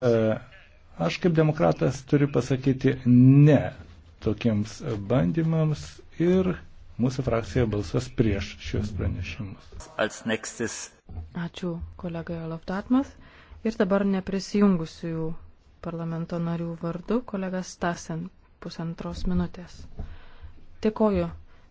E, aš kaip demokratas turiu pasakyti ne tokiems bandymams ir mūsų frakcija balsuos prieš šios pranešimus. Ačiū kolegai Olaf Datmas. Ir dabar neprisijungusiųjų parlamento narių vardu kolega Stasen pusantros minutės. Dėkoju